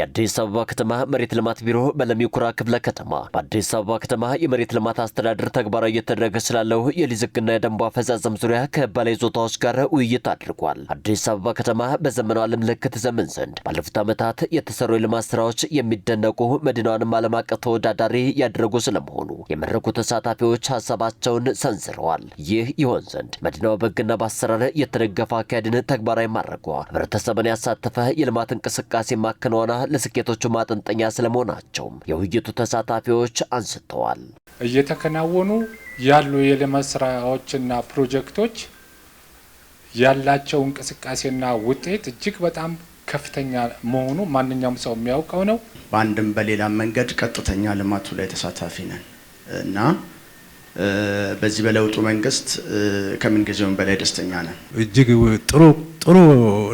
የአዲስ አበባ ከተማ መሬት ልማት ቢሮ በለሚኩራ ክፍለ ከተማ በአዲስ አበባ ከተማ የመሬት ልማት አስተዳደር ተግባራዊ እየተደረገ ስላለው የሊዝግና ሕግና የደንቡ አፈጻጸም ዙሪያ ከባለ ይዞታዎች ጋር ውይይት አድርጓል። አዲስ አበባ ከተማ በዘመናዋ ለምልክት ዘመን ዘንድ ባለፉት ዓመታት የተሰሩ የልማት ስራዎች የሚደነቁ መዲናዋንም ዓለም አቀፍ ተወዳዳሪ ያደረጉ ስለመሆኑ የመድረኩ ተሳታፊዎች ሀሳባቸውን ሰንዝረዋል። ይህ ይሆን ዘንድ መዲናዋ በሕግና በአሰራር የተደገፈ አካሄድን ተግባራዊ ማድረጓ፣ ህብረተሰብን ያሳተፈ የልማት እንቅስቃሴ ማከናወና ለስኬቶቹ ማጠንጠኛ ስለመሆናቸውም የውይይቱ ተሳታፊዎች አንስተዋል። እየተከናወኑ ያሉ የልማት ስራዎችና ፕሮጀክቶች ያላቸው እንቅስቃሴና ውጤት እጅግ በጣም ከፍተኛ መሆኑ ማንኛውም ሰው የሚያውቀው ነው። በአንድም በሌላም መንገድ ቀጥተኛ ልማቱ ላይ ተሳታፊ ነን እና በዚህ በለውጡ መንግስት ከምንጊዜውም በላይ ደስተኛ ነን። እጅግ ጥሩ ጥሩ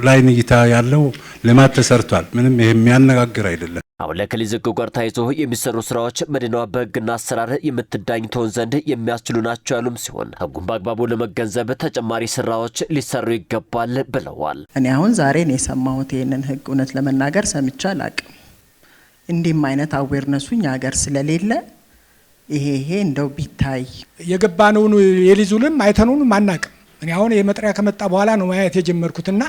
ላይን እይታ ያለው ልማት ተሰርቷል። ምንም ይህ የሚያነጋግር አይደለም። አሁን ለክልል ዝግው ጋር ተያይዞ የሚሰሩ ስራዎች መዲናዋ በህግና አሰራር የምትዳኝ ትሆን ዘንድ የሚያስችሉ ናቸው ያሉም ሲሆን ህጉን በአግባቡ ለመገንዘብ ተጨማሪ ስራዎች ሊሰሩ ይገባል ብለዋል። እኔ አሁን ዛሬ ነው የሰማሁት ይህንን ህግ። እውነት ለመናገር ሰምቼ አላቅም። እንዲህም አይነት አዌርነሱኝ እኛ ሀገር ስለሌለ ይሄ ይሄ እንደው ቢታይ የገባነውን የሊዙልም አይተኑንም አናቅም እኔ አሁን ይሄ መጥሪያ ከመጣ በኋላ ነው ማየት የጀመርኩትና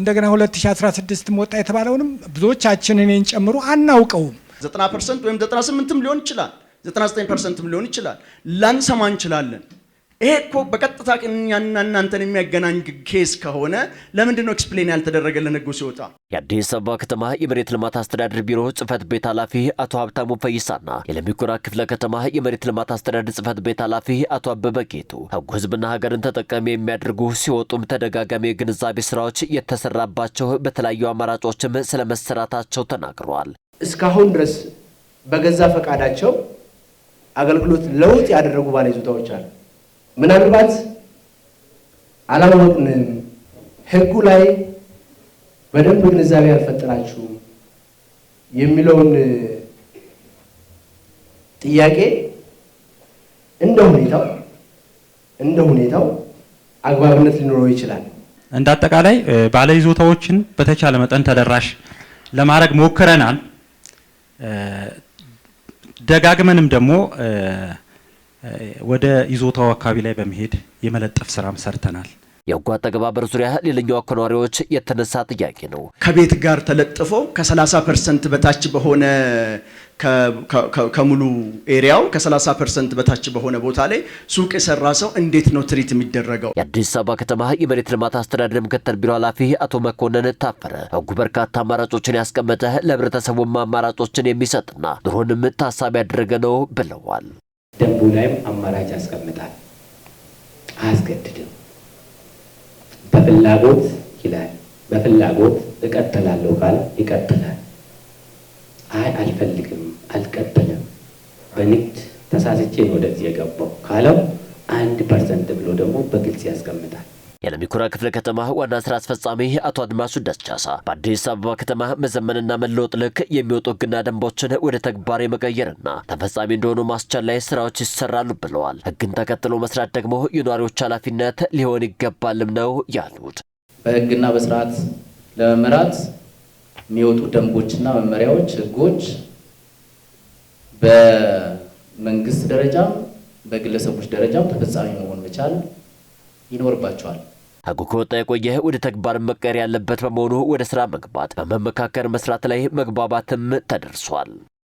እንደገና 2016 ወጣ የተባለውንም ብዙዎቻችን እኔን ጨምሮ አናውቀውም። 90 ፐርሰንት ወይም 98ም ሊሆን ይችላል 99 ፐርሰንትም ሊሆን ይችላል ላንሰማ እንችላለን። ይሄ እኮ በቀጥታ እኛና እናንተን የሚያገናኝ ኬስ ከሆነ ለምንድን ነው ኤክስፕሌን ያልተደረገልን ህጉ ሲወጣ? የአዲስ አበባ ከተማ የመሬት ልማት አስተዳደር ቢሮ ጽህፈት ቤት ኃላፊ አቶ ሀብታሙ ፈይሳና የለሚኮራ ክፍለ ከተማ የመሬት ልማት አስተዳደር ጽህፈት ቤት ኃላፊ አቶ አበበ ጌቱ ህጉ ህዝብና ሀገርን ተጠቃሚ የሚያደርጉ ሲወጡም ተደጋጋሚ የግንዛቤ ስራዎች የተሰራባቸው በተለያዩ አማራጮችም ስለመሰራታቸው ተናግረዋል። እስካሁን ድረስ በገዛ ፈቃዳቸው አገልግሎት ለውጥ ያደረጉ ባለይዞታዎች አሉ። ምናልባት አላወቅንም፣ ህጉ ላይ በደንብ ግንዛቤ አልፈጠራችሁም የሚለውን ጥያቄ እንደ ሁኔታው እንደ ሁኔታው አግባብነት ሊኖረው ይችላል። እንደ አጠቃላይ ባለይዞታዎችን በተቻለ መጠን ተደራሽ ለማድረግ ሞክረናል። ደጋግመንም ደግሞ ወደ ይዞታው አካባቢ ላይ በመሄድ የመለጠፍ ስራም ሰርተናል። የህጉ አተገባበር ዙሪያ ሌላኛው አከኗሪዎች የተነሳ ጥያቄ ነው። ከቤት ጋር ተለጥፎ ከ30 ፐርሰንት በታች በሆነ ከሙሉ ኤሪያው ከ30 ፐርሰንት በታች በሆነ ቦታ ላይ ሱቅ የሰራ ሰው እንዴት ነው ትሪት የሚደረገው? የአዲስ አበባ ከተማ የመሬት ልማት አስተዳደር ምክትል ቢሮ ኃላፊ አቶ መኮንን ታፈረ ህጉ በርካታ አማራጮችን ያስቀመጠ ለህብረተሰቡም አማራጮችን የሚሰጥና ድሮንም ታሳቢ ያደረገ ነው ብለዋል። ደንቡ ላይም አማራጭ ያስቀምጣል። አያስገድድም። በፍላጎት ይላል። በፍላጎት እቀጥላለሁ ካለ ይቀጥላል። አይ አልፈልግም፣ አልቀጥልም፣ በንግድ ተሳስቼ ወደዚህ የገባው ካለው አንድ ፐርሰንት ብሎ ደግሞ በግልጽ ያስቀምጣል። የለሚኩራ ክፍለ ከተማ ዋና ስራ አስፈጻሚ አቶ አድማሱ ዳስቻሳ በአዲስ አበባ ከተማ መዘመንና መለወጥ ልክ የሚወጡ ህግና ደንቦችን ወደ ተግባር የመቀየርና ተፈጻሚ እንደሆኑ ማስቻል ላይ ስራዎች ይሰራሉ ብለዋል። ህግን ተከትሎ መስራት ደግሞ የነዋሪዎች ኃላፊነት ሊሆን ይገባልም ነው ያሉት። በህግና በስርዓት ለመመራት የሚወጡ ደንቦችና መመሪያዎች፣ ህጎች በመንግስት ደረጃ በግለሰቦች ደረጃም ተፈጻሚ መሆን መቻል ይኖርባቸዋል። ህጉ ከወጣ የቆየ ወደ ተግባር መቀየር ያለበት በመሆኑ ወደ ስራ መግባት በመመካከር መስራት ላይ መግባባትም ተደርሷል።